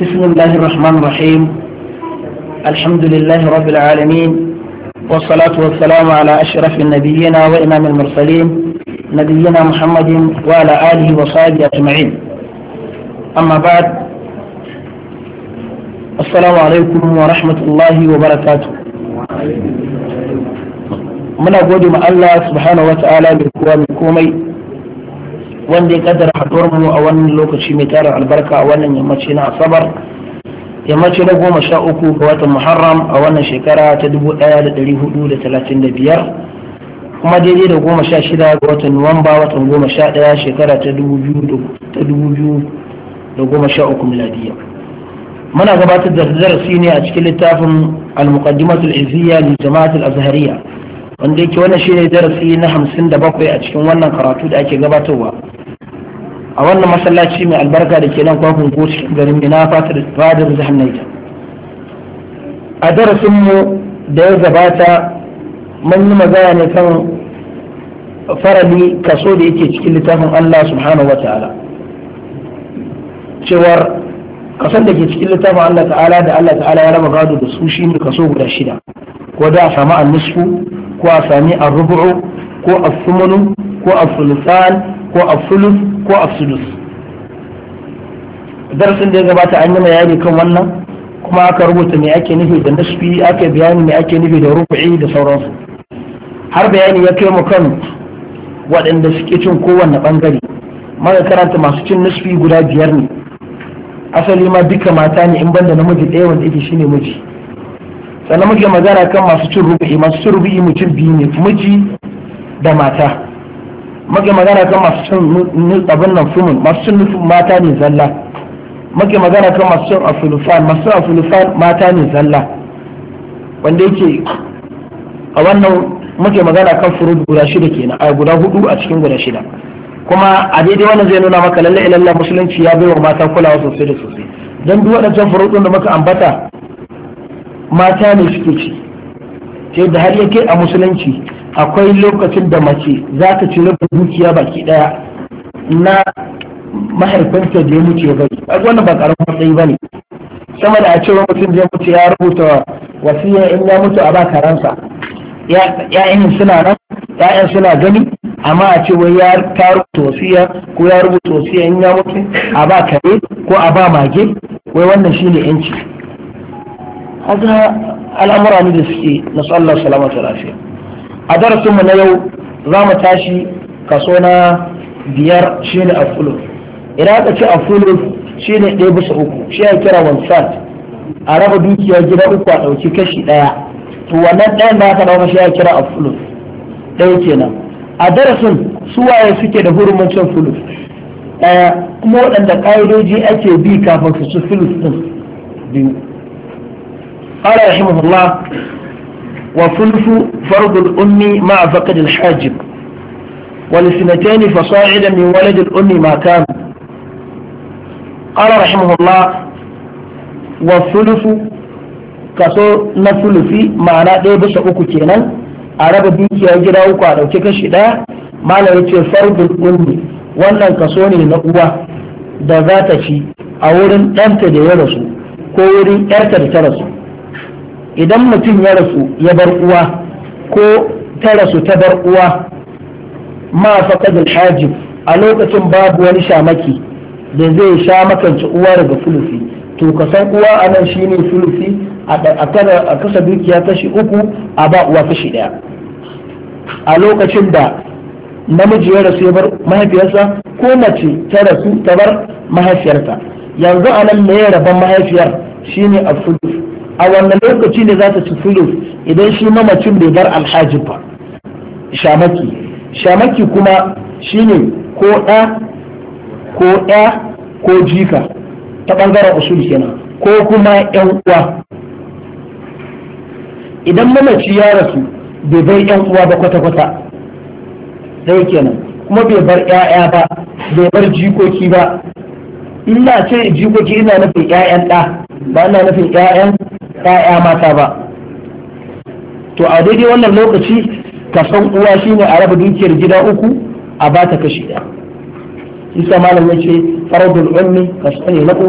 بسم الله الرحمن الرحيم الحمد لله رب العالمين والصلاة والسلام على أشرف النبيين وإمام المرسلين نبينا محمد وعلى آله وصحبه أجمعين أما بعد السلام عليكم ورحمة الله وبركاته من أقول ما الله سبحانه وتعالى بكوام كومي wanda ya kaddara haɗuwar mu a wannan lokaci mai tarin albarka a wannan yammaci na asabar yammaci na goma sha uku ga watan muharram a wannan shekara ta dubu ɗaya da ɗari hudu da talatin da biyar kuma daidai da goma sha shida ga watan nuwamba watan goma sha ɗaya shekara ta dubu biyu da goma sha uku miladiyya muna gabatar da darasi ne a cikin littafin al-muqaddimatul izziya li jama'atul azhariya wanda yake wannan shine darasi na hamsin da bakwai a cikin wannan karatu da ake gabatarwa a wannan masallaci mai albarka da ke nan kwakwun ko cikin garin mina fatar fadar jihar a darasin mu da ya gabata mun yi magana ne kan farali kaso da yake cikin littafin Allah subhanahu wa ta'ala cewar kason da ke cikin littafin Allah ta'ala da Allah ta'ala ya raba gado da su shine kaso guda shida ko da a sami al ko a sami al ko a sumunu ko a sulusan ko a fulus ko a sulus darasin da ya gabata an yi bayani kan wannan kuma aka rubuta me ake nufi da nasfi aka bayani me ake nufi da rubu'i da sauransu har bayani ya kai mu kan waɗanda suke cin kowanne ɓangare maka karanta masu cin nasfi guda biyar ne asali ma duka mata ne in banda namiji ɗaya wanda yake shine miji sannan muke magana kan masu cin rubu'i masu cin rubu'i mutum biyu ne miji da mata muke magana kan masu cin abin nan sumun masu cin nufin mata ne zalla muke magana kan masu cin afulufan masu cin afulufan mata ne zalla wanda yake a wannan muke magana kan furud guda shida kenan a guda hudu a cikin guda shida kuma a daidai wannan zai nuna maka lalle ilalla musulunci ya baiwa mata kulawa sosai da sosai don duk waɗancan furudun da muka ambata mata ne suke ci sai da har yake a musulunci akwai lokacin da mace za ta ci rabin dukiya baki daya na mahaifinta da ya mutu ya bari wannan ba karamin matsayi bane sama da a cewa mutum zai mutu ya rubuta wasiya in ya mutu a ba ransa ya'yan suna nan ya'yan suna gani amma a ce wai ya ta rubuta wasiya ko ya rubuta wasiya in ya mutu a ba kare ko a ba mage wai wannan shine yanci al'amura ne da suke na su Allah ta lafiya a darasin mu na yau za mu tashi kaso na biyar shine afulu idan aka ce afulu shine ɗaya bisa uku shi ya kira wansat a raba dukiya gida uku a ɗauki kashi ɗaya to wannan ɗayan da aka shi ya kira afulu ɗaya kenan a darasin su waye suke da hurumin cin ɗaya kuma waɗanda ƙa'idoji ake bi kafin su ci fulus ɗin biyu قال رحمه الله وثلث فرض الأم مع فقد الحاجب والاثنتين فصاعدا من ولد الأم ما كان قال رحمه الله وثلث كسو نثلثي معنى دي بس أكو كينا عرب بيك يجرى أكو على وكيكش إذا ما لديك فرض الأم وانا كسوني نقوة دا ذاتك أولا أنت دي ورسو كوري أرتر ترسو idan mutum ya rasu ya bar uwa ko ta rasu ta bar uwa ma faqadul hajib a lokacin babu wani shamaki da zai sha makanci uwa daga fulufi to ka san uwa a anan shine fulufi a kasa dukiya kashi uku a ba uwa kashi daya a lokacin da namiji ya rasu ya bar mahaifiyarsa ko mace ta rasu ta bar mahaifiyarta yanzu anan me ya rabon mahaifiyar shine a fulufi a wannan lokaci ne za ta ci filus idan shi mamacin bai bar alhaji ba shamaki shamaki kuma ne ko ɗa ko ɗa ko jika ta ɓangaren usul kenan ko kuma yan uwa idan mamaci ya rasu bai bar yan uwa ba kwata-kwata ɗaya kenan kuma bai bar 'ya'ya ba bai bar jikoki ba ina ce jikoki ina nufin 'ya'yan ɗa ba ina nufin 'ya'yan 'ya'ya mata ba to a daidai wannan lokaci ka san uwa shine a raba dukiyar gida uku a ba ta kashi ɗaya isa malam ya ce faradul ummi ka ne na